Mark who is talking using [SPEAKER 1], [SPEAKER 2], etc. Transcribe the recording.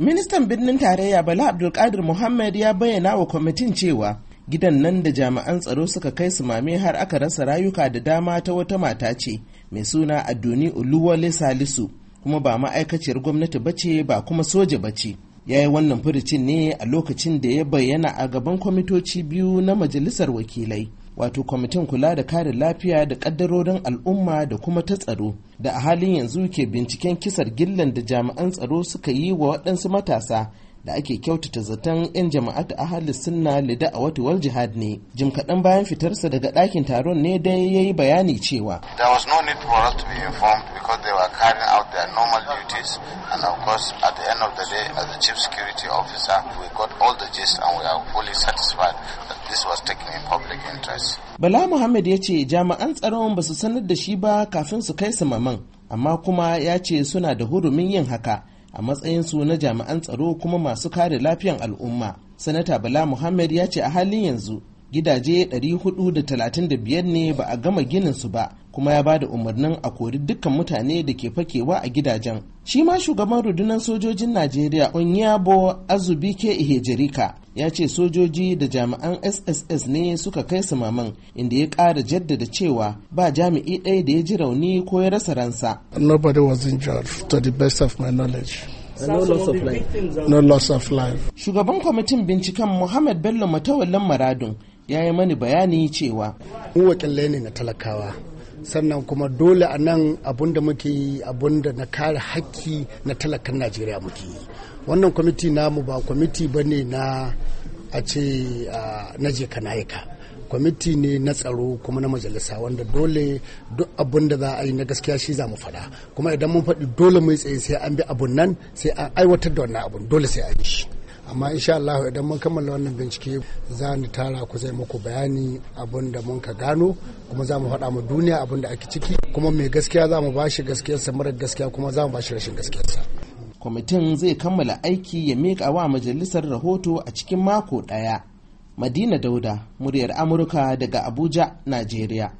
[SPEAKER 1] ministan birnin tarayya bala abdulkadir muhammad ya bayyana wa kwamitin cewa gidan nan da jami'an tsaro suka kai su mame har aka rasa rayuka da dama ta wata mata ce mai suna adoni uluwale salisu kuma ba ma'aikaciyar gwamnati ba ce ba kuma soja ba ce. ya yi wannan furicin ne a lokacin da ya bayyana a gaban kwamitoci biyu na majalisar wakilai wato kwamitin kula da kare lafiya da kaddarorin al'umma da kuma ta tsaro da a halin yanzu ke binciken kisar gillan da jami'an tsaro suka yi wa waɗansu matasa da ake kyautata zaton 'yan jama'a ta ahalis sunna lida a wata wal jihad ne jim kaɗan bayan fitarsa daga ɗakin taron ne dai ya yi bayani cewa
[SPEAKER 2] there was no need for us to be informed because they were carrying out their normal duties and of course at the end of the day as the chief security officer we got all the gist and we are fully satisfied
[SPEAKER 1] Bala Muhammad ya ce jami'an tsaron ba su sanar da shi ba kafin su kai su samaman, amma kuma ya ce suna da hurumin yin haka a matsayinsu na jami'an tsaro kuma masu kare lafiyan al'umma. Sanata Bala Muhammad ya ce a halin yanzu gidaje 435 ne ba a gama ginin su ba kuma ya bada umarnin a kori dukkan mutane da ke fakewa a gidajen shi ma shugaban rundunar sojojin najeriya onyabo azubike ihejerika ya ce sojoji da jami'an sss ne suka kai su maman inda ya ƙara jaddada cewa ba jami'i ɗaya da ya ji rauni ko ya rasa ransa
[SPEAKER 2] nobody was injured to the best of my knowledge No
[SPEAKER 1] loss of life. Shugaban kwamitin binciken Muhammad Bello Matawallan Maradun
[SPEAKER 2] ya yi mani bayani cewa. Mu wakilai ne na talakawa. sannan kuma dole a nan abun da muke yi abun da na kare haƙƙi na talakan najeriya muke yi wannan kwamiti namu ba kwamiti ba ne na a ce na je kanayika kwamiti ne na tsaro kuma na majalisa wanda dole duk abin da za a yi na gaskiya shi za mu faɗa kuma idan mun faɗi dole mai tsaye sai an bi abun nan sai an aiwatar da wannan abun dole sai an yi shi amma insha Allah idan mun kammala wannan bincike za ni tara ku zai muku bayani abin da mun ka gano kuma za mu faɗa mu duniya abin da ake ciki kuma mai gaskiya za mu bashi gaskiyarsa mara gaskiya kuma za mu bashi rashin gaskiyarsa kwamitin zai kammala
[SPEAKER 1] aiki ya miƙa wa majalisar rahoto a cikin mako ɗaya madina dauda muryar amurka daga abuja najeriya